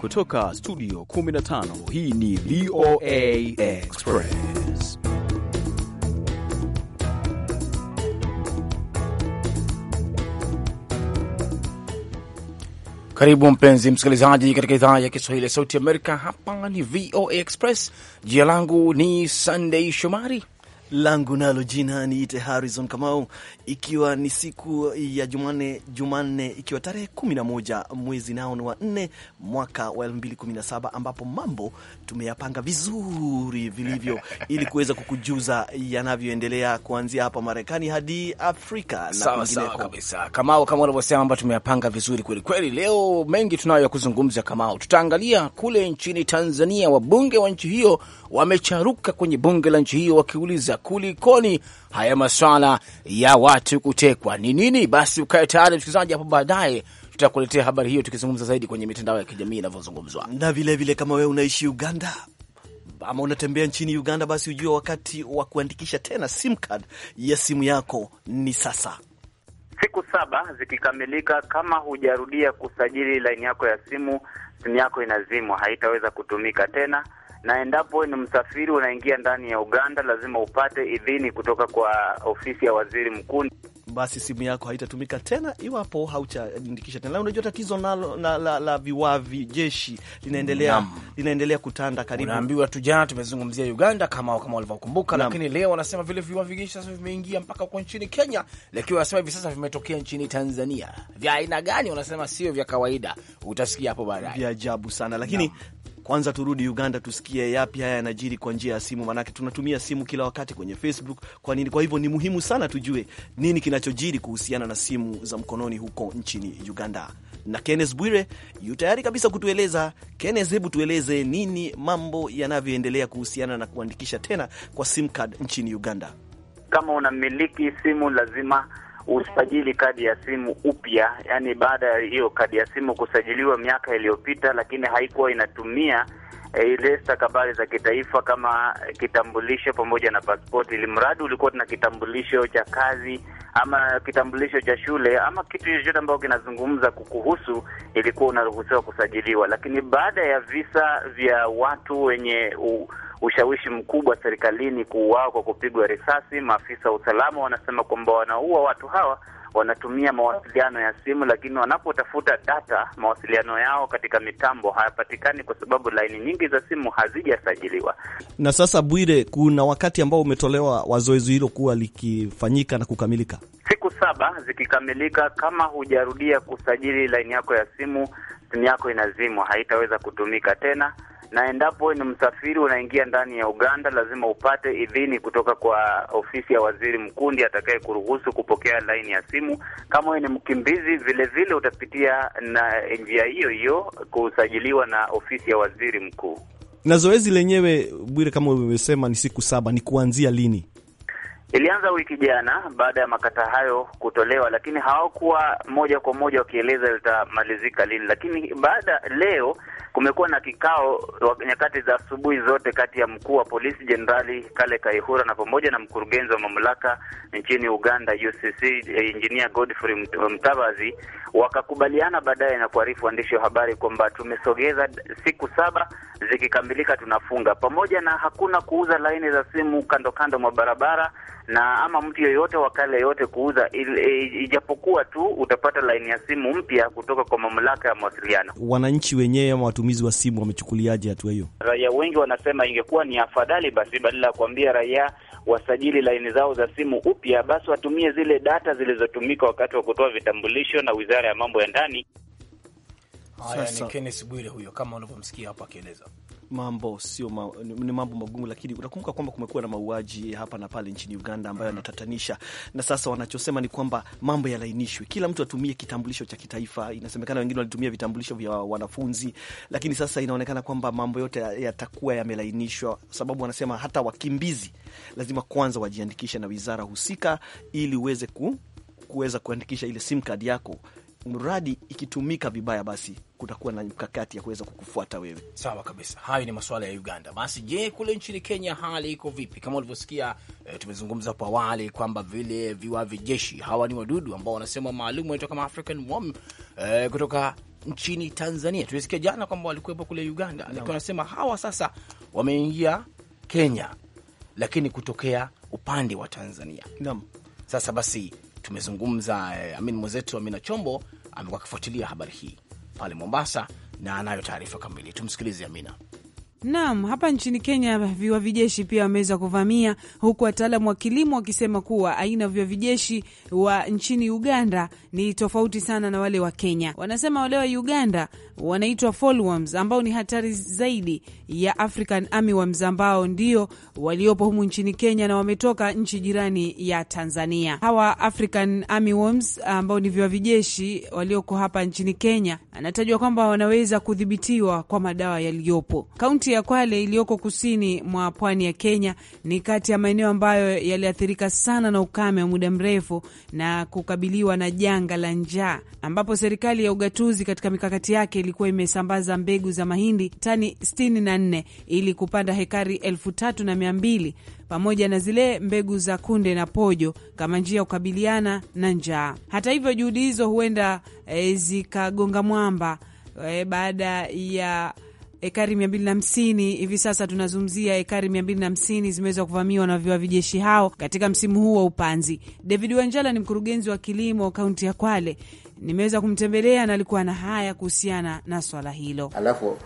Kutoka studio 15 hii ni VOA Express. Karibu mpenzi msikilizaji, katika idhaa ya Kiswahili ya Sauti Amerika. Hapa ni VOA Express, jina langu ni Sunday Shomari langu nalo jina niite Harrison Kamau, ikiwa ni siku ya Jumanne, Jumanne ikiwa tarehe 11 mwezi nao ni wa 4 mwaka wa 2017 ambapo mambo tumeyapanga vizuri vilivyo ili kuweza kukujuza yanavyoendelea kuanzia hapa Marekani hadi Afrika na kwingineko kabisa. Kamau, kama unavyosema mambo tumeyapanga vizuri kweli kweli. Leo mengi tunayo ya kuzungumza Kamau, tutaangalia kule nchini Tanzania, wabunge wa nchi hiyo wamecharuka kwenye bunge la nchi hiyo wakiuliza kulikoni haya maswala ya watu kutekwa ni nini? Basi ukae tayari msikilizaji, hapo baadaye tutakuletea habari hiyo tukizungumza zaidi kwenye mitandao ya kijamii inavyozungumzwa na vilevile kama wewe unaishi Uganda ama unatembea nchini Uganda, basi ujue wakati wa kuandikisha tena sim card ya simu yako ni sasa. Siku saba zikikamilika, kama hujarudia kusajili laini yako ya simu, simu yako inazimwa, haitaweza kutumika tena na endapo ni msafiri unaingia ndani ya Uganda, lazima upate idhini kutoka kwa ofisi ya waziri mkuu. Basi simu yako haitatumika tena iwapo hauchaandikisha tena. Unajua tatizo nalo la, la, la viwavi jeshi linaendelea linaendelea kutanda. Karibu naambiwa tu jana tumezungumzia Uganda kama kama walivyokumbuka, lakini leo wanasema vile viwavi jeshi sasa vimeingia mpaka huko nchini Kenya, lakini wanasema hivi sasa vimetokea nchini Tanzania. Vya aina gani? Wanasema sio vya kawaida, utasikia hapo baadaye. Vya ajabu sana, lakini Nam. Kwanza turudi Uganda, tusikie yapi haya yanajiri kwa njia ya simu, maanake tunatumia simu kila wakati kwenye Facebook. Kwa nini? Kwa hivyo ni muhimu sana tujue nini kinachojiri kuhusiana na simu za mkononi huko nchini Uganda, na Kenneth Bwire yu tayari kabisa kutueleza. Kenneth, hebu tueleze nini mambo yanavyoendelea kuhusiana na kuandikisha tena kwa sim card nchini Uganda. Kama unamiliki simu lazima usajili kadi ya simu upya, yani baada ya hiyo kadi ya simu kusajiliwa miaka iliyopita, lakini haikuwa inatumia eh, ile stakabadhi za kitaifa kama eh, kitambulisho pamoja na pasipoti. Ili mradi ulikuwa tuna kitambulisho cha kazi ama kitambulisho cha shule ama kitu chochote ambacho kinazungumza kukuhusu, ilikuwa unaruhusiwa kusajiliwa. Lakini baada ya visa vya watu wenye u ushawishi mkubwa serikalini kuuawa kwa kupigwa risasi. Maafisa wa usalama wanasema kwamba wanaua watu hawa wanatumia mawasiliano ya simu, lakini wanapotafuta data, mawasiliano yao katika mitambo hayapatikani kwa sababu laini nyingi za simu hazijasajiliwa. Na sasa, Bwire, kuna wakati ambao umetolewa wa zoezi hilo kuwa likifanyika na kukamilika, siku saba zikikamilika, kama hujarudia kusajili laini yako ya simu, simu yako inazimwa, haitaweza kutumika tena na endapo ni msafiri unaingia ndani ya Uganda, lazima upate idhini kutoka kwa ofisi ya waziri mkuu ndiye atakaye kuruhusu kupokea laini ya simu. Kama wewe ni mkimbizi, vile vile utapitia na njia hiyo hiyo kusajiliwa na ofisi ya waziri mkuu. Na zoezi lenyewe, Bwire, kama umesema, ni siku saba, ni kuanzia lini? Ilianza wiki jana baada ya makata hayo kutolewa, lakini hawakuwa moja kwa moja wakieleza litamalizika lini. Lakini baada leo Kumekuwa na kikao nyakati za asubuhi zote kati ya mkuu wa polisi Jenerali Kale Kaihura na pamoja na mkurugenzi wa mamlaka nchini Uganda UCC eh, injinia Godfrey Mtabazi, wakakubaliana baadaye na kuarifu waandishi wa habari kwamba tumesogeza siku saba, zikikamilika tunafunga, pamoja na hakuna kuuza laini za simu kando kando mwa barabara na ama mtu yoyote wakale yote kuuza, eh, ijapokuwa tu utapata laini ya simu mpya kutoka kwa mamlaka ya mawasiliano. Wananchi wenyewe ama watumizi wa simu wamechukuliaje hatua hiyo? Raia wengi wanasema ingekuwa ni afadhali basi, badala ya kuambia raia wasajili laini zao za simu upya, basi watumie zile data zilizotumika wakati wa kutoa vitambulisho na Wizara ya Mambo ya Ndani. Haya ni Kenneth Bwire huyo, kama unavyomsikia akieleza mambo sio ma, ni mambo magumu, lakini unakumbuka kwamba kumekuwa na mauaji hapa na pale nchini Uganda ambayo yanatatanisha, na sasa wanachosema ni kwamba mambo yalainishwe, kila mtu atumie kitambulisho cha kitaifa. Inasemekana wengine walitumia vitambulisho vya wanafunzi, lakini sasa inaonekana kwamba mambo yote yatakuwa yamelainishwa, sababu wanasema hata wakimbizi lazima kwanza wajiandikishe na wizara husika ili uweze ku kuweza kuandikisha ile sim card yako mradi ikitumika vibaya, basi kutakuwa na mkakati ya kuweza kukufuata wewe. Sawa kabisa, hayo ni masuala ya Uganda. Basi je, kule nchini Kenya hali iko vipi? Kama ulivyosikia e, tumezungumza hapo awali kwamba vile viwavi jeshi hawa ni wadudu ambao wanasema maalum wanaitwa kama African worm e, kutoka nchini Tanzania. Tulisikia jana kwamba walikuwepo kule Uganda, lakini wanasema hawa sasa wameingia Kenya, lakini kutokea upande wa Tanzania. Naam. Sasa basi tumezungumza eh, Amin mwenzetu Amina Chombo amekuwa akifuatilia habari hii pale Mombasa na anayo taarifa kamili. Tumsikilize Amina. Naam, hapa nchini Kenya viwa vijeshi pia wameweza kuvamia, huku wataalam wa kilimo wakisema kuwa aina ya vijeshi wa nchini Uganda ni tofauti sana na wale wa Kenya. Wanasema wale wa Uganda wanaitwa ambao ni hatari zaidi ya African ambao ndio waliopo humu nchini Kenya na wametoka nchi jirani ya Tanzania. Hawa African Worms ambao ni viwa vijeshi walioko hapa nchini Kenya, anatajwa kwamba wanaweza kudhibitiwa kwa madawa yaliyopo kaunti ya Kwale iliyoko kusini mwa pwani ya Kenya ni kati ya maeneo ambayo yaliathirika sana na ukame wa muda mrefu na kukabiliwa na janga la njaa, ambapo serikali ya ugatuzi katika mikakati yake ilikuwa imesambaza mbegu za mahindi tani 64 ili kupanda hekari 3200 na pamoja na zile mbegu za kunde na pojo kama njia ya kukabiliana na njaa. Hata hivyo, juhudi hizo huenda e, zikagonga mwamba e, baada ya ekari hamsini hivi sasa tunazungumzia ekari hamsini zimeweza kuvamiwa na viwavi jeshi hao katika msimu huu wa upanzi. David Wanjala ni mkurugenzi wa kilimo kaunti ya Kwale nimeweza kumtembelea na alikuwa na haya kuhusiana na swala hilo. Alafu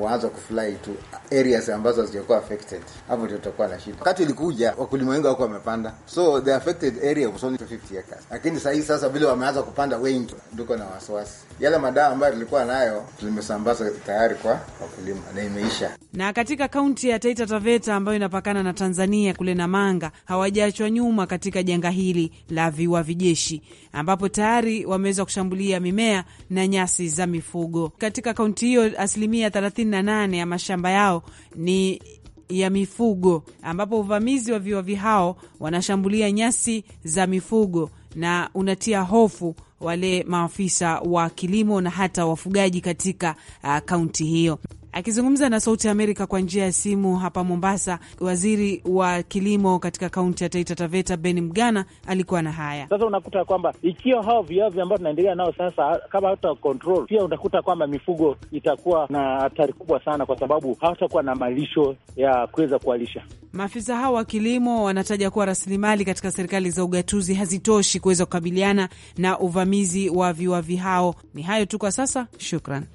waanza wa kufly tu areas ambazo hazijakuwa affected, hapo ndio tutakuwa na shida. Wakati ilikuja wakulima wengi wako wamepanda, so the affected area was only 50 acres, lakini sahii sasa vile wameanza kupanda wengi, nduko na wasiwasi. Yale madawa ambayo tulikuwa nayo tumesambaza tayari kwa wakulima na imeisha. Na katika kaunti ya Taita Taveta ambayo inapakana na Tanzania kule Namanga, hawajaachwa nyuma katika janga hili la viwa vijeshi, ambapo tayari wameweza kushambulia mimea na nyasi za mifugo. Katika kaunti hiyo, asilimia 38 ya mashamba yao ni ya mifugo, ambapo uvamizi wa viwavi hao wanashambulia nyasi za mifugo na unatia hofu wale maafisa wa kilimo na hata wafugaji katika uh, kaunti uh, hiyo. Akizungumza na Sauti ya Amerika kwa njia ya simu hapa Mombasa, waziri wa kilimo katika kaunti ya Taita Taveta Ben Mgana alikuwa na haya. Sasa unakuta kwamba ikiwa hao viovi ambao tunaendelea nao sasa, kama hata control, pia unakuta kwamba mifugo itakuwa na hatari kubwa sana, kwa sababu hawatakuwa na malisho ya kuweza kuwalisha. Maafisa hao wa kilimo wanataja kuwa rasilimali katika serikali za ugatuzi hazitoshi kuweza kukabiliana na uvamizi wa viwavi hao. Ni hayo tu kwa sasa, shukran.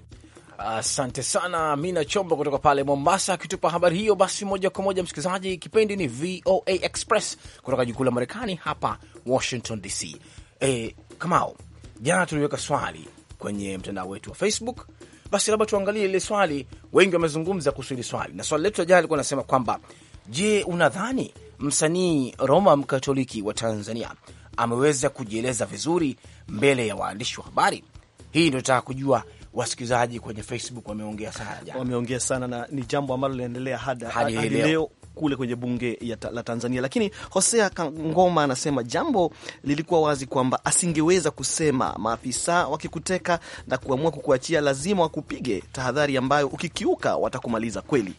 Asante sana Mina Chombo kutoka pale Mombasa akitupa habari hiyo. Basi moja kwa moja, msikilizaji, kipindi ni VOA Express kutoka jukuu la Marekani hapa Washington DC. E, eh, Kamao, jana tuliweka swali kwenye mtandao wetu wa Facebook. Basi labda tuangalie lile swali, wengi wamezungumza kuhusu hili swali, na swali letu la jana likuwa nasema kwamba je, unadhani msanii Roma Mkatoliki wa Tanzania ameweza kujieleza vizuri mbele ya waandishi wa habari? Hii ndio nataka kujua wasikilizaji kwenye Facebook wameongea sana jana, wameongea sana na ni jambo ambalo linaendelea hadi leo kule kwenye bunge ya ta, la Tanzania. Lakini Hosea Kangoma anasema jambo lilikuwa wazi kwamba asingeweza kusema maafisa wakikuteka na kuamua kukuachia lazima wakupige, tahadhari ambayo ukikiuka watakumaliza kweli.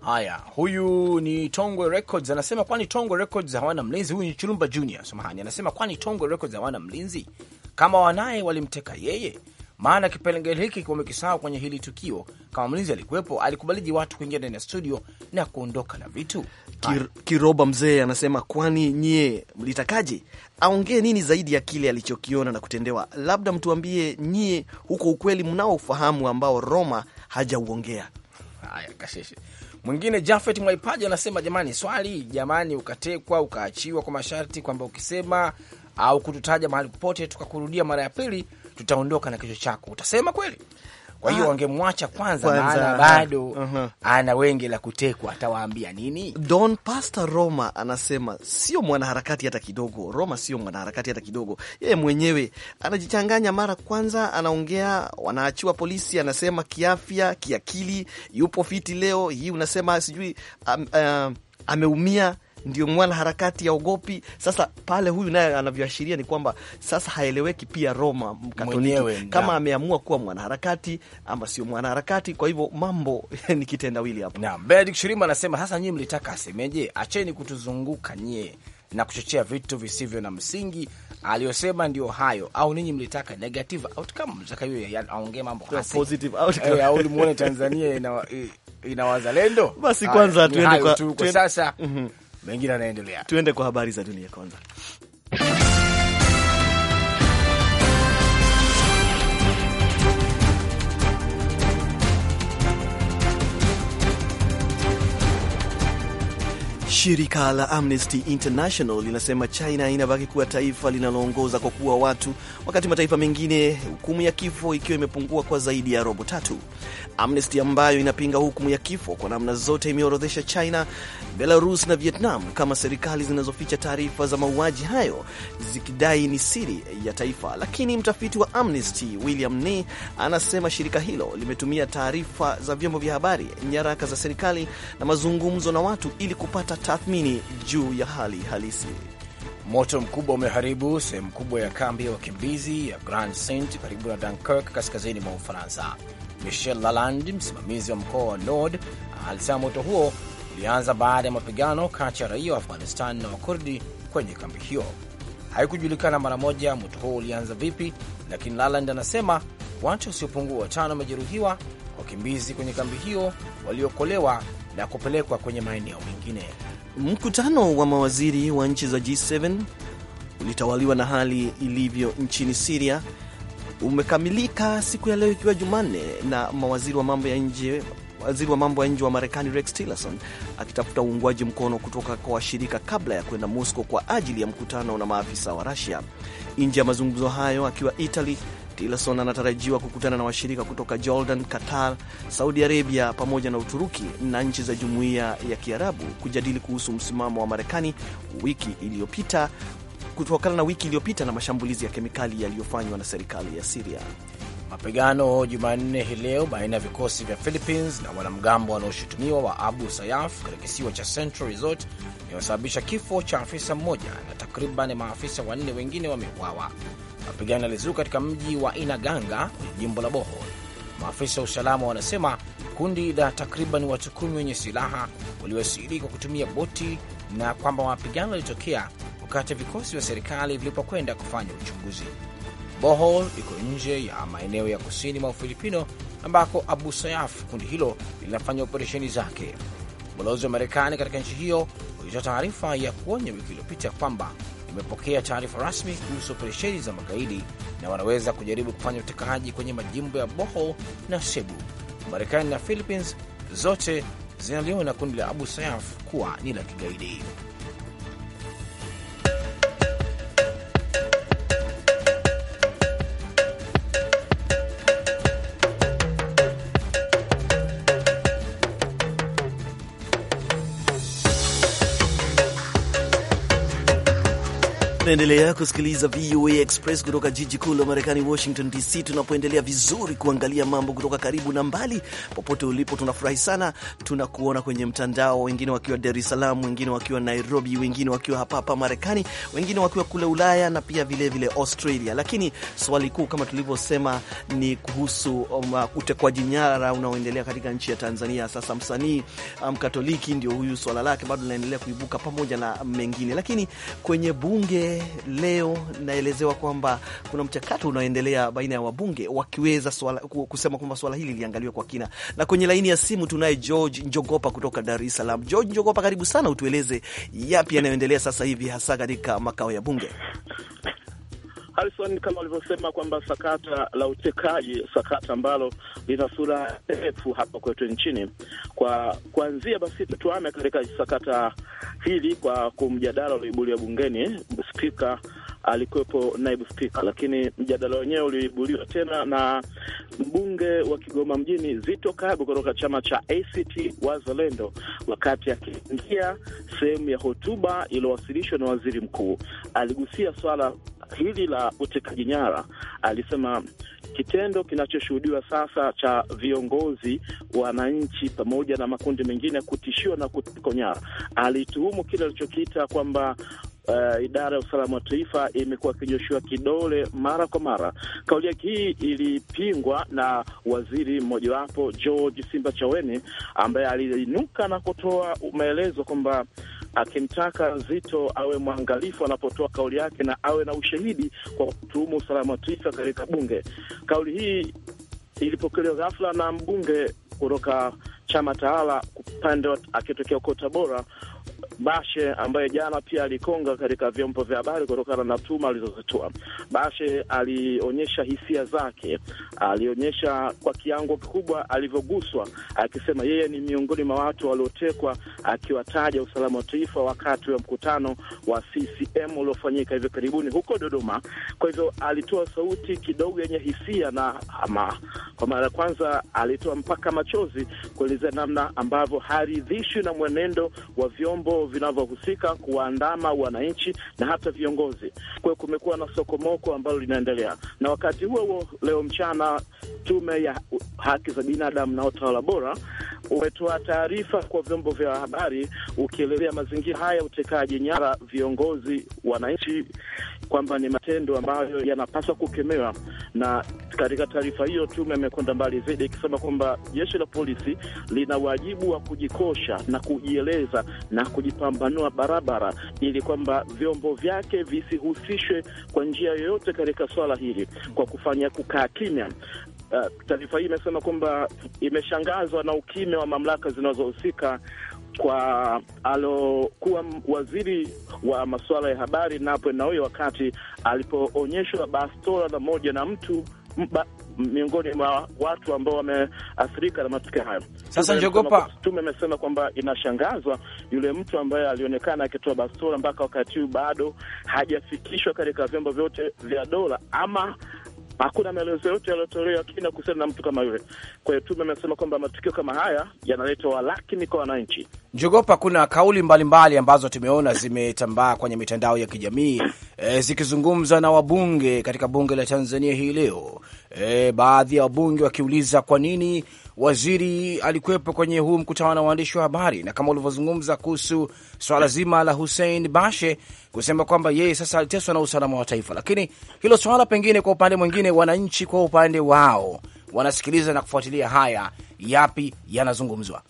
Haya, huyu ni Tongwe Records anasema kwani Tongwe Records hawana mlinzi? Huyu ni Chulumba Junior, samahani, anasema kwani Tongwe Records hawana mlinzi? Kama wanaye walimteka yeye maana kipengele hiki mekisawa kwenye hili tukio. Kama mlinzi alikuwepo, alikubaliji watu kuingia ndani ya studio na kuondoka na vitu Kir, Kiroba mzee anasema kwani nyie mlitakaje aongee nini zaidi ya kile alichokiona na kutendewa? Labda mtuambie nyie huko ukweli mnaofahamu ambao Roma hajauongea. Haya, kasheshe mwingine Jafet Mwaipaji anasema jamani, swali jamani, ukatekwa ukaachiwa kwa masharti kwamba ukisema au kututaja mahali popote tukakurudia mara ya pili tutaondoka na kichwa chako, utasema kweli? Kwa hiyo ah, wangemwacha kwanza, maana ah, bado uh -huh. ana wengi la kutekwa, atawaambia nini? Don Pastor Roma anasema sio mwanaharakati hata kidogo. Roma sio mwanaharakati hata kidogo, yeye mwenyewe anajichanganya. Mara kwanza anaongea, wanaachiwa polisi, anasema kiafya, kiakili yupo fiti leo hii, unasema sijui um, um, ameumia ndio harakati ya ogopi. Sasa pale huyu naye anavyoashiria ni kwamba sasa haeleweki pia Roma Mkatoliki kama ameamua kuwa mwanaharakati ama sio mwanaharakati. Kwa hivyo mambo ni kitendawili hapo. Naam, Benedict Shirima anasema sasa, nyie mlitaka asemeje? Acheni kutuzunguka nyie na kuchochea vitu visivyo na msingi. Aliyosema ndio hayo, au ninyi mlitaka negative outcome? Mlitaka hiyo aongee mambo hasi positive outcome, eh, au limuone Tanzania ina ina wazalendo? Basi kwanza tuende kwa sasa. mm -hmm mengine anaendelea. Tuende kwa habari za dunia kwanza. Shirika la Amnesty International linasema China inabaki kuwa taifa linaloongoza kwa kuwa watu, wakati mataifa mengine hukumu ya kifo ikiwa imepungua kwa zaidi ya robo tatu. Amnesty ambayo inapinga hukumu ya kifo kwa namna zote imeorodhesha China, Belarus na Vietnam kama serikali zinazoficha taarifa za mauaji hayo, zikidai ni siri ya taifa. Lakini mtafiti wa Amnesty William Nee anasema shirika hilo limetumia taarifa za vyombo vya habari, nyaraka za serikali na mazungumzo na watu ili kupata tathmini juu ya hali halisi. Moto mkubwa umeharibu sehemu kubwa ya kambi ya wakimbizi ya Grand Saint karibu na Dunkirk, kaskazini mwa Ufaransa. Michel Laland, msimamizi wa mkoa wa Nord, alisema moto huo ulianza baada ya mapigano kati ya raia wa Afghanistan na Wakurdi kwenye kambi hiyo. Haikujulikana mara moja moto huo ulianza vipi, lakini Laland anasema watu wasiopungua watano wamejeruhiwa, wakimbizi kwenye kambi hiyo waliokolewa na kupelekwa kwenye maeneo mengine. Mkutano wa mawaziri wa nchi za G7 ulitawaliwa na hali ilivyo nchini Siria umekamilika siku ya leo ikiwa Jumanne na mawaziri wa mambo ya nje waziri wa mambo ya nje wa Marekani Rex Tillerson akitafuta uungwaji mkono kutoka kwa washirika kabla ya kwenda Moscow kwa ajili ya mkutano na maafisa wa Russia. Nje ya mazungumzo hayo akiwa Italy, Tillerson anatarajiwa kukutana na washirika kutoka Jordan, Qatar, Saudi Arabia pamoja na Uturuki na nchi za Jumuiya ya Kiarabu kujadili kuhusu msimamo wa Marekani wiki iliyopita kutokana na wiki iliyopita na mashambulizi ya kemikali yaliyofanywa na serikali ya Siria. Mapigano Jumanne hii leo baina ya vikosi vya Philippines na wanamgambo wanaoshutumiwa wa Abu sayaf katika kisiwa cha Central Resort imesababisha kifo cha afisa mmoja na takriban maafisa wanne wengine wameuawa. Mapigano yalizuka katika mji wa Inaganga kwenye jimbo la Bohol. Maafisa wa usalama wanasema kundi la takriban watu kumi wenye silaha waliwasili kwa kutumia boti na kwamba mapigano yalitokea wakati vikosi vya serikali vilipokwenda kufanya uchunguzi. Bohol iko nje ya maeneo ya kusini mwa Ufilipino ambako Abu Sayyaf kundi hilo linafanya operesheni zake. Ubalozi wa Marekani katika nchi hiyo ulitoa taarifa ya kuonya wiki iliyopita kwamba imepokea taarifa rasmi kuhusu operesheni za magaidi na wanaweza kujaribu kufanya utekaji kwenye majimbo ya Bohol na Cebu. Marekani na Philippines zote zinaliona kundi la Abu Sayyaf kuwa ni la kigaidi. Naendelea kusikiliza VOA Express kutoka jiji kuu la Marekani, Washington DC, tunapoendelea vizuri kuangalia mambo kutoka karibu na mbali. Popote ulipo, tunafurahi sana, tunakuona kwenye mtandao, wengine wakiwa Dar es Salaam, wengine wakiwa Nairobi, wengine wakiwa hapa hapa Marekani, wengine wakiwa kule Ulaya na pia vilevile vile Australia. Lakini swali kuu kama tulivyosema ni kuhusu um, utekwaji nyara unaoendelea katika nchi ya Tanzania. Sasa msanii Mkatoliki um, ndio huyu, swala lake bado linaendelea kuibuka pamoja na mengine, lakini kwenye bunge leo naelezewa kwamba kuna mchakato unaoendelea baina ya wabunge wakiweza swala, kusema kwamba swala hili liliangaliwa kwa kina. Na kwenye laini ya simu tunaye George Njogopa kutoka Dar es Salaam. George Njogopa, karibu sana, utueleze yapi yanayoendelea sasa hivi hasa katika makao ya bunge. Harison, kama walivyosema kwamba sakata la utekaji, sakata ambalo lina sura refu hapa kwetu nchini. Kwa kuanzia basi, tuame katika sakata hili kwa kumjadala ulioibuliwa bungeni, spika alikuwepo naibu spika, lakini mjadala wenyewe uliibuliwa tena na mbunge wa Kigoma mjini Zito Kabwe kutoka chama cha ACT Wazalendo wakati akiingia sehemu ya hotuba iliyowasilishwa na waziri mkuu, aligusia swala hili la utekaji nyara. Alisema kitendo kinachoshuhudiwa sasa cha viongozi, wananchi, pamoja na makundi mengine kutishiwa na kutekwa nyara. Alituhumu kile alichokiita kwamba uh, idara ya usalama wa taifa imekuwa ikinyoshua kidole mara kwa mara. Kauli yake hii ilipingwa na waziri mmojawapo George Simba Chaweni ambaye aliinuka na kutoa maelezo kwamba akimtaka Zito awe mwangalifu anapotoa kauli yake na awe na ushahidi kwa kutuhumu usalama wa taifa katika bunge. Kauli hii ilipokelewa ghafla na mbunge kutoka chama tawala upande akitokea huko Tabora, Bashe ambaye jana pia alikonga katika vyombo vya habari kutokana na tuma alizozitoa. Bashe alionyesha hisia zake, alionyesha kwa kiango kikubwa alivyoguswa, akisema yeye ni miongoni mwa watu waliotekwa, akiwataja usalama wa taifa wakati wa mkutano wa CCM uliofanyika hivi karibuni huko Dodoma. Kwa hivyo alitoa sauti kidogo yenye hisia na ama, kwa mara ya kwanza alitoa mpaka machozi kuelezea namna ambavyo haridhishwi na mwenendo wa vyombo vinavyohusika kuwaandama wananchi na hata viongozi. Kwa hiyo kumekuwa na sokomoko ambalo linaendelea, na wakati huo huo leo mchana tume ya haki za binadamu na utawala bora umetoa taarifa kwa vyombo vya habari ukielezea mazingira haya utekaji nyara viongozi, wananchi, kwamba ni matendo ambayo yanapaswa kukemewa na katika taarifa hiyo, tume amekwenda mbali zaidi ikisema kwamba jeshi la polisi lina wajibu wa kujikosha na kujieleza na kujipambanua barabara, ili kwamba vyombo vyake visihusishwe kwa njia yoyote katika swala hili kwa kufanya kukaa kimya. Uh, taarifa hii imesema kwamba imeshangazwa na ukimya wa mamlaka zinazohusika kwa alokuwa waziri wa masuala ya habari Nape Nnauye wakati alipoonyeshwa bastola na moja na mtu miongoni mwa watu ambao wameathirika na matukio hayo. Sasa njogopa tume amesema kwamba inashangazwa yule mtu ambaye alionekana akitoa bastola mpaka wakati huu bado hajafikishwa katika vyombo vyote vya dola ama Hakuna maelezo yote yaliyotolewa kina kuhusiana na mtu kama yule. Kwa hiyo tume amesema kwamba matukio kama haya yanaletwa walakini kwa wananchi. Njogopa, kuna kauli mbalimbali mbali ambazo tumeona zimetambaa kwenye mitandao ya kijamii e, zikizungumza na wabunge katika bunge la Tanzania hii leo e, baadhi ya wabunge wakiuliza kwa nini waziri alikuwepo kwenye huu mkutano na waandishi wa habari, na kama ulivyozungumza kuhusu swala zima la Hussein Bashe kusema kwamba yeye sasa aliteswa na usalama wa taifa. Lakini hilo swala pengine, kwa upande mwingine, wananchi kwa upande wao wanasikiliza na kufuatilia haya yapi yanazungumzwa.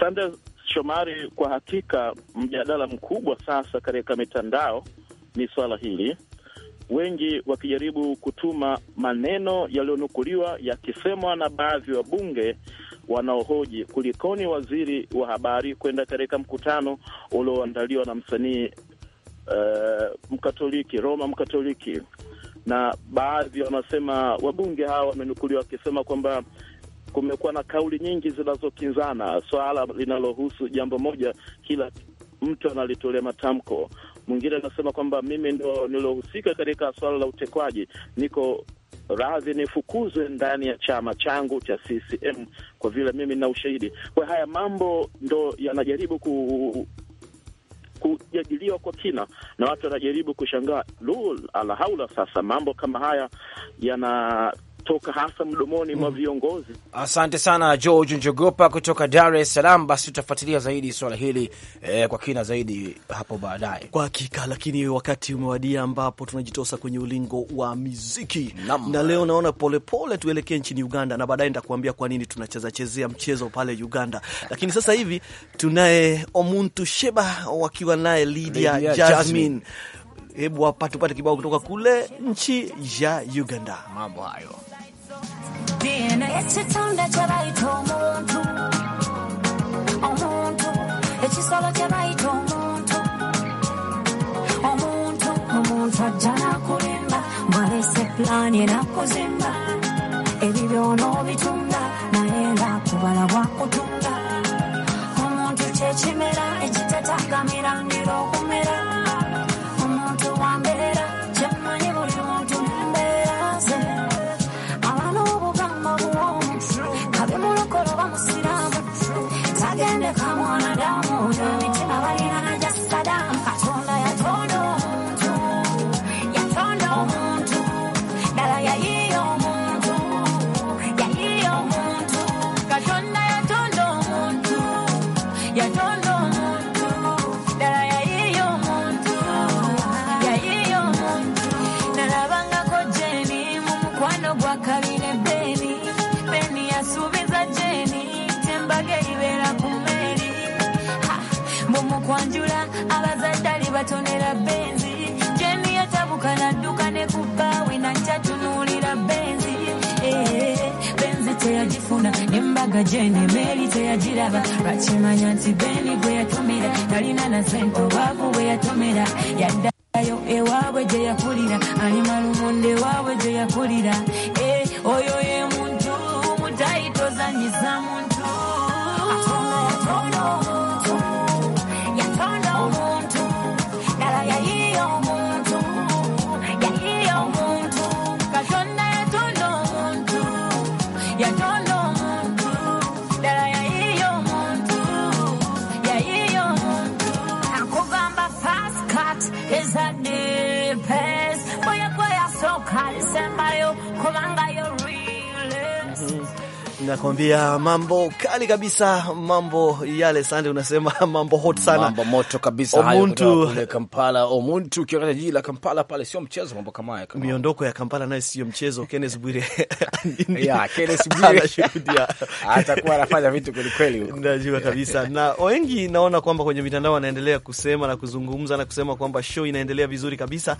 Sande Shomari, kwa hakika mjadala mkubwa sasa katika mitandao ni swala hili wengi wakijaribu kutuma maneno yaliyonukuliwa yakisemwa na baadhi wa wabunge wanaohoji kulikoni waziri wa habari kwenda katika mkutano ulioandaliwa na msanii uh, Mkatoliki Roma Mkatoliki, na baadhi wanasema, wabunge hawa wamenukuliwa wakisema kwamba kumekuwa na kauli nyingi zinazokinzana swala linalohusu jambo moja, kila mtu analitolea matamko. Mwingine anasema kwamba mimi ndo nilohusika katika swala la utekwaji, niko radhi nifukuzwe ndani ya chama changu cha CCM kwa vile mimi nina ushahidi. Kwa haya mambo ndo yanajaribu ku kujadiliwa kwa kina na watu wanajaribu kushangaa lul ala haula. Sasa mambo kama haya yana kutoka hasa mdomoni mwa mm. viongozi. Asante sana George Njogopa kutoka Dar es Salaam. Basi tutafuatilia zaidi swala hili eh, kwa kina zaidi hapo baadaye kwa hakika, lakini wakati umewadia ambapo tunajitosa kwenye ulingo wa miziki Nama. na leo naona polepole tuelekee nchini Uganda na baadaye nitakuambia kwa nini tunachezachezea mchezo pale Uganda, lakini sasa hivi tunaye Omuntu Sheba wakiwa naye Lydia, Lydia Jasmine. Hebu wapate upate kibao kutoka kule nchi ya Uganda. Mambo hayo. DNA. Ekitonde kye bayita omuntu, omuntu, ekisolo kye bayita omuntu, omuntu, omuntu ajja n'akulimba, mwalese pulaani enakuzimba, ebibyo onoobitunda, naye nga kubala bwakutunda, omuntu kye kimera ekitetagamira ndiro okumala. yafuna n'embaga gyenyema eri teyagiraba lwakimanya nti beni gwe yatumira talina na sente obwavu bwe yatumira yadda is a deep place. Boya, boya, so cold, it's a mayo. Come Nakwambia mambo kali kabisa, mambo yale sande, unasema mambo hot sana, mambo moto kabisa hayo kule Kampala. Omuntu ukiangalia jiji la Kampala pale sio mchezo, mambo kama haya, miondoko ya Kampala nayo sio mchezo. Kenneth Bwire ya Kenneth Bwire anashuhudia, atakuwa anafanya vitu kweli kweli, huko, najua kabisa. Na wengi naona kwamba kwenye mitandao wanaendelea kusema na kuzungumza na kusema kwamba show inaendelea vizuri kabisa,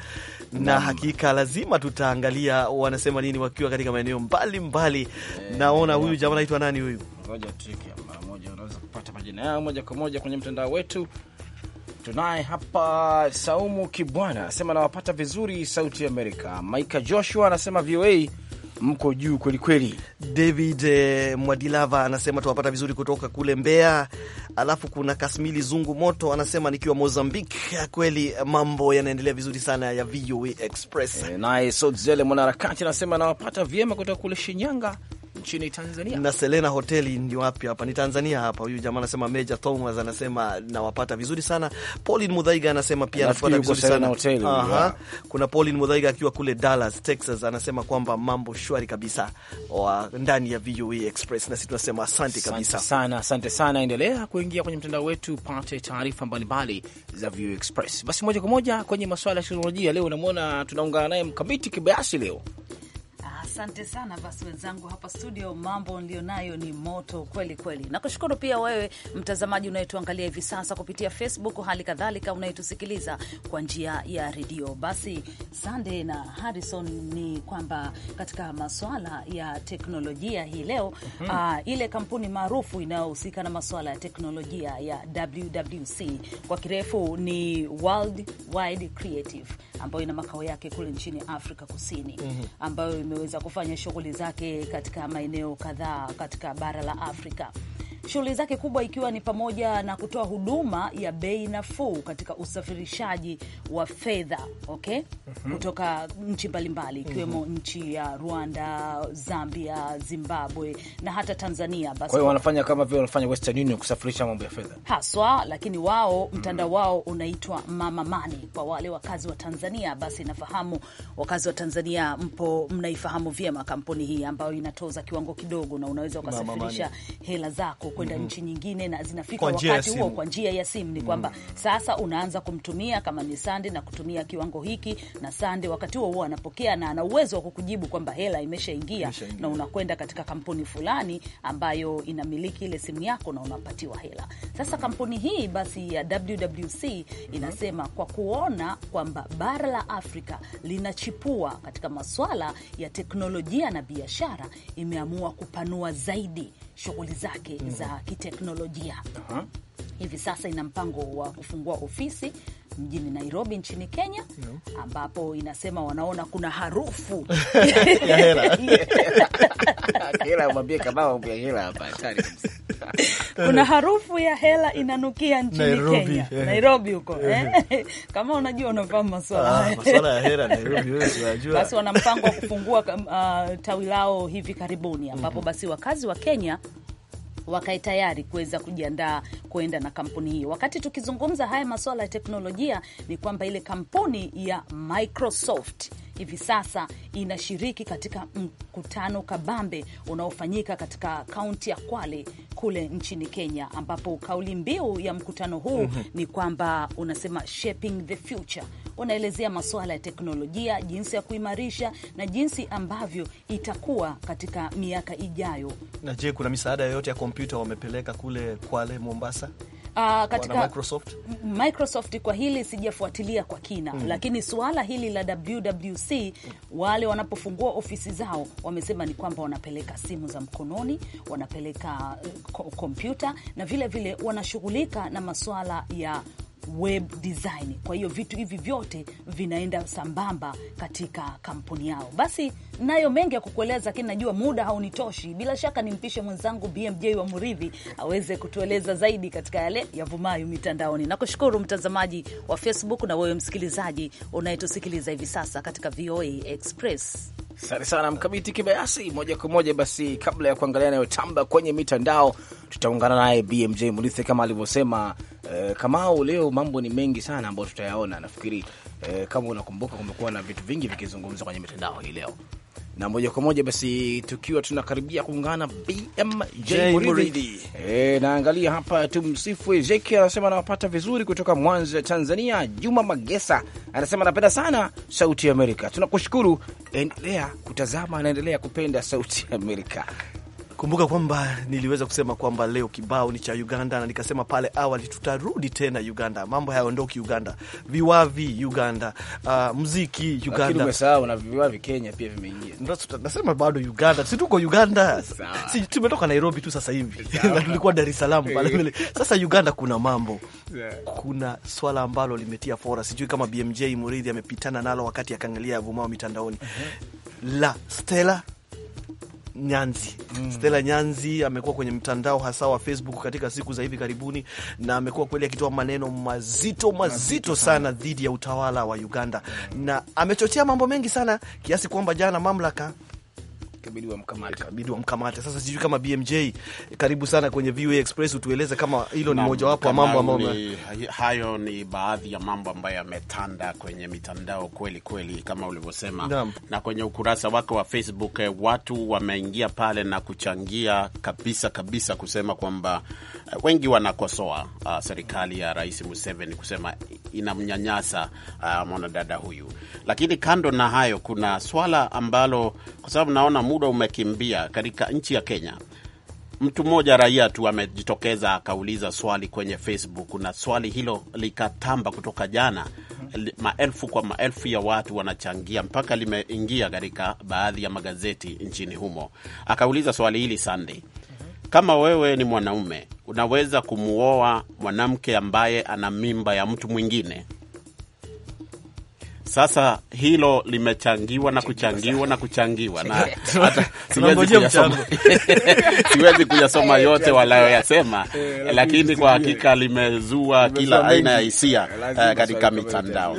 na hakika lazima tutaangalia wanasema nini wakiwa katika maeneo mbalimbali. Naona huyu huyu jamaa anaitwa nani huyu? Ngoja tuweke mara moja, unaweza kupata majina yao moja kwa moja kwenye mtandao wetu. Tunaye hapa Saumu Kibwana anasema nawapata vizuri Sauti ya Amerika. Maika Joshua anasema VOA mko juu kweli kweli. David eh, Mwadilava anasema tuwapata vizuri kutoka kule Mbeya. Alafu kuna Kasmili Zungu Moto anasema nikiwa Mozambique. Kweli mambo yanaendelea vizuri sana ya VOA Express. E, naye Sodzele mwanaharakati anasema nawapata vyema kutoka kule Shinyanga nchini Tanzania. Na Selena hoteli ndio wapi hapa? Ni Tanzania hapa. Huyu jamaa anasema, Major Thomas anasema nawapata vizuri sana. Pauline Mudhaiga anasema pia anapata vizuri sana hoteli. Aha. Kuna Pauline Mudhaiga akiwa kule Dallas, Texas anasema kwamba mambo shwari kabisa wa ndani ya VOA e Express, na sisi tunasema asante kabisa. Asante sana, asante sana. Endelea kuingia kwenye mtandao wetu pate taarifa mbalimbali za VOA e Express. Basi moja kwa moja kwenye masuala ya teknolojia leo, unamwona tunaungana naye mkamiti kibayasi leo Asante sana basi wenzangu hapa studio, mambo nilionayo ni moto kweli kweli. Nakushukuru pia wewe mtazamaji unayetuangalia hivi sasa kupitia Facebook, hali kadhalika unayetusikiliza kwa njia ya redio. Basi Sande na Harrison, ni kwamba katika masuala ya teknolojia hii leo mm -hmm. uh, ile kampuni maarufu inayohusika na masuala ya teknolojia ya WWC kwa kirefu ni World Wide Creative ambayo ina makao yake kule nchini Afrika Kusini mhm. ambayo imeweza kuweza kufanya shughuli zake katika maeneo kadhaa katika bara la Afrika shughuli zake kubwa ikiwa ni pamoja na kutoa huduma ya bei nafuu katika usafirishaji wa fedha okay, mm -hmm. kutoka nchi mbalimbali ikiwemo mm -hmm. nchi ya Rwanda, Zambia, Zimbabwe na hata Tanzania. Basi kwa hiyo wanafanya kama vile wanafanya Western Union kusafirisha mambo ya fedha haswa, lakini wao mhm. mtandao wao unaitwa Mama Money kwa wale wakazi wa Tanzania. Basi nafahamu wakazi wa Tanzania mpo mnaifahamu vyema kampuni hii ambayo inatoza kiwango kidogo na unaweza ukasafirisha hela zako kwenda mm -hmm. nchi nyingine na zinafika wakati huo kwa njia ya simu, ni mm. kwamba mm -hmm. sasa unaanza kumtumia kama ni sande na kutumia kiwango hiki, na sande wakati huo huo anapokea na ana uwezo wa kukujibu kwamba hela imeshaingia, na unakwenda katika kampuni fulani ambayo inamiliki ile simu yako na unapatiwa hela. Sasa kampuni hii basi ya WWC inasema kwa kuona kwamba bara la Afrika linachipua katika masuala ya teknolojia na biashara, imeamua kupanua zaidi shughuli zake mm -hmm. za kiteknolojia uh -huh. Hivi sasa ina mpango wa kufungua ofisi mjini Nairobi nchini Kenya, ambapo inasema wanaona kuna harufu ya hela kuna harufu ya hela inanukia nchini Nairobi, Kenya yeah. Nairobi huko yeah. Eh? eh. Kama unajua unafahamu maswalabasi ah, ya hela Nairobi unajua. Basi wana mpango wa kufungua uh, tawi lao hivi karibuni ambapo mhm. basi wakazi wa Kenya wakae tayari kuweza kujiandaa kuenda na kampuni hiyo. Wakati tukizungumza haya masuala ya teknolojia, ni kwamba ile kampuni ya Microsoft hivi sasa inashiriki katika mkutano kabambe unaofanyika katika kaunti ya Kwale kule nchini Kenya, ambapo kauli mbiu ya mkutano huu mm -hmm. ni kwamba unasema shaping the future unaelezea masuala ya teknolojia, jinsi ya kuimarisha na jinsi ambavyo itakuwa katika miaka ijayo. Na je, kuna misaada yoyote ya kompyuta wamepeleka kule Kwale, Mombasa? Uh, katika Microsoft? Microsoft kwa hili sijafuatilia kwa kina mm, lakini suala hili la WWC wale wanapofungua ofisi zao wamesema ni kwamba wanapeleka simu za mkononi, wanapeleka eh, kompyuta na vile vile wanashughulika na masuala ya web design. Kwa hiyo vitu hivi vyote vinaenda sambamba katika kampuni yao. Basi nayo mengi ya kukueleza, lakini najua muda haunitoshi. Bila shaka nimpishe mwenzangu BMJ wa Muridhi aweze kutueleza zaidi katika yale yavumayo mitandaoni. Nakushukuru mtazamaji wa Facebook na wewe msikilizaji unayetusikiliza hivi sasa katika VOA Express. Asante sana Mkamiti Kibayasi. Moja kwa moja basi, kabla ya kuangalia anayotamba kwenye mitandao, tutaungana naye BMJ Murithi kama alivyosema eh, Kamau. Leo mambo ni mengi sana ambayo tutayaona. Nafikiri e, kama unakumbuka, kumekuwa na vitu vingi vikizungumzwa kwenye mitandao hii leo na moja kwa moja basi, tukiwa tunakaribia kuungana BMJ Muridhi e, naangalia hapa tumsifu Ezekiel anasema anawapata vizuri kutoka Mwanza, Tanzania. Juma Magesa anasema anapenda sana Sauti ya Amerika. Tunakushukuru, endelea kutazama, anaendelea kupenda Sauti ya Amerika. Kumbuka kwamba niliweza kusema kwamba leo kibao ni cha Uganda, na nikasema pale awali tutarudi tena Uganda. Mambo hayaondoki Uganda, viwavi Uganda, uh, ah, mziki Uganda. Umesahau na viwavi Kenya pia vimeingia. Nasema bado Uganda, si tuko Uganda si, tumetoka Nairobi tu sasa hivi na tulikuwa Dar es Salaam pale sasa Uganda kuna mambo, kuna swala ambalo limetia fora, sijui kama BMJ Muridhi amepitana nalo wakati akaangalia avumao mitandaoni uh-huh. la Stella Nyanzi mm. Stella Nyanzi amekuwa kwenye mtandao hasa wa Facebook katika siku za hivi karibuni, na amekuwa kweli akitoa maneno mazito mazito sana dhidi ya utawala wa Uganda, na amechochea mambo mengi sana kiasi kwamba jana mamlaka ikabidi wamkamate, ikabidi wamkamate. Sasa sijui kama BMJ, karibu sana kwenye VOA Express, utueleze kama hilo ni mojawapo wa mambo ambayo, hayo ni baadhi ya mambo ambayo yametanda kwenye mitandao kweli kweli, kama ulivyosema na kwenye ukurasa wake wa Facebook eh, watu wameingia pale na kuchangia kabisa kabisa kusema kwamba eh, wengi wanakosoa uh, serikali ya Rais Museveni kusema inamnyanyasa uh, mwanadada huyu, lakini kando na hayo kuna swala ambalo kwa sababu naona muda umekimbia katika nchi ya Kenya. Mtu mmoja raia tu amejitokeza akauliza swali kwenye Facebook na swali hilo likatamba kutoka jana, mhm. maelfu kwa maelfu ya watu wanachangia mpaka limeingia katika baadhi ya magazeti nchini humo. Akauliza swali hili Sunday, mhm. kama wewe ni mwanaume unaweza kumwoa mwanamke ambaye ana mimba ya mtu mwingine? Sasa hilo limechangiwa na kuchangiwa na kuchangiwa na siwezi kuyasoma, siwezi kuyasoma yote walayoyasema, eh, eh, lakini kwa hakika limezua kila aina ya hisia eh, katika mitandao.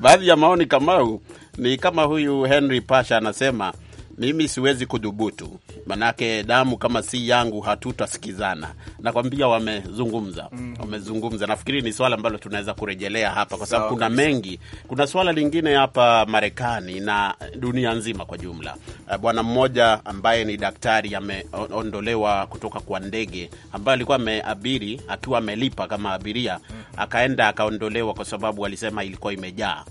baadhi ya maoni Kamau, ni kama huyu Henry Pasha anasema mimi siwezi kudhubutu, manake damu kama si yangu hatutasikizana. Nakwambia wamezungumza, mm. Wamezungumza, nafikiri ni swala ambalo tunaweza kurejelea hapa kwa sababu kuna mengi. Kuna swala lingine hapa Marekani na dunia nzima kwa jumla. Eh, bwana mmoja ambaye ni daktari ameondolewa kutoka kwa ndege ambayo alikuwa ameabiri akiwa amelipa kama abiria, mm. akaenda akaondolewa kwa sababu alisema ilikuwa imejaa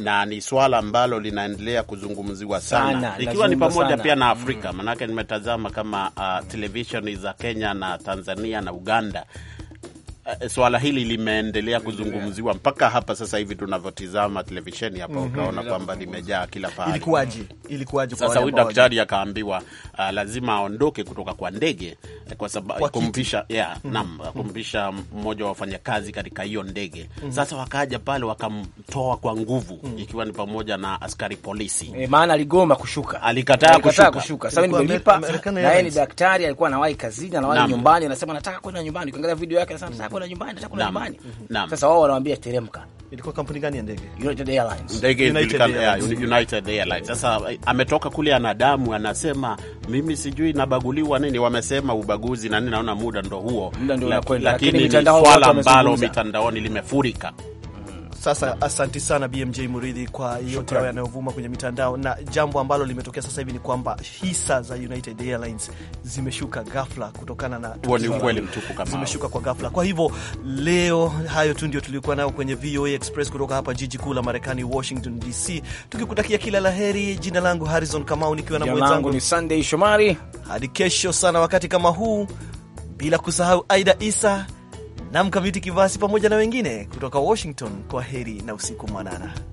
na ni swala ambalo linaendelea kuzungumziwa sana, sana ikiwa ni pamoja pia na Afrika mm. Manake nimetazama kama uh, televisheni za Kenya na Tanzania na Uganda Eh, swala hili limeendelea kuzungumziwa mpaka hapa sasa hivi tunavyotizama televisheni hapa, mm -hmm. Utaona kwamba limejaa kila pahali. Ilikuwaje? Ilikuwaje? Sasa huyu daktari akaambiwa uh, lazima aondoke kutoka kwa ndege eh, kwa sababu kumpisha, yeah, mm -hmm. Naam, mhm. kumpisha mmoja wa wafanyakazi katika hiyo ndege mm -hmm. Sasa wakaja pale wakamtoa kwa nguvu mm -hmm. Ikiwa ni pamoja na askari polisi e, maana aligoma kushuka, alikataa kushuka, kushuka. Sasa nimelipa na yeye ni daktari, alikuwa anawahi kazini, anawahi nyumbani, anasema nataka kwenda nyumbani. Ukiangalia video yake anasema nataka kula nyumbani, nataka nyumbani. Sasa wao wanawaambia teremka. Ilikuwa kampuni gani ya ndege? United Airlines. Ndege United Airlines. Sasa eh, ametoka kule anadamu anasema mimi sijui nabaguliwa nini, wamesema ubaguzi na nini, naona muda ndo huo. Muda ndo unakwenda. Lakini ambalo mitandaoni limefurika. Sasa asanti sana BMJ Muridhi kwa yote hayo yanayovuma kwenye mitandao, na jambo ambalo limetokea sasa hivi ni kwamba hisa za United Airlines zimeshuka ghafla kutokana na zimeshuka kwa ghafla. Kwa hivyo leo hayo tu ndio tuliokuwa nayo kwenye VOA Express kutoka hapa jiji kuu la Marekani, Washington DC, tukikutakia kila la heri. Jina langu Harrison Kamau, nikiwa na mwenzangu ni Sunday Shomari. Hadi kesho sana wakati kama huu, bila kusahau Aida Isa na Mkamiti Kivasi pamoja na wengine kutoka Washington. Kwa heri na usiku mwanana.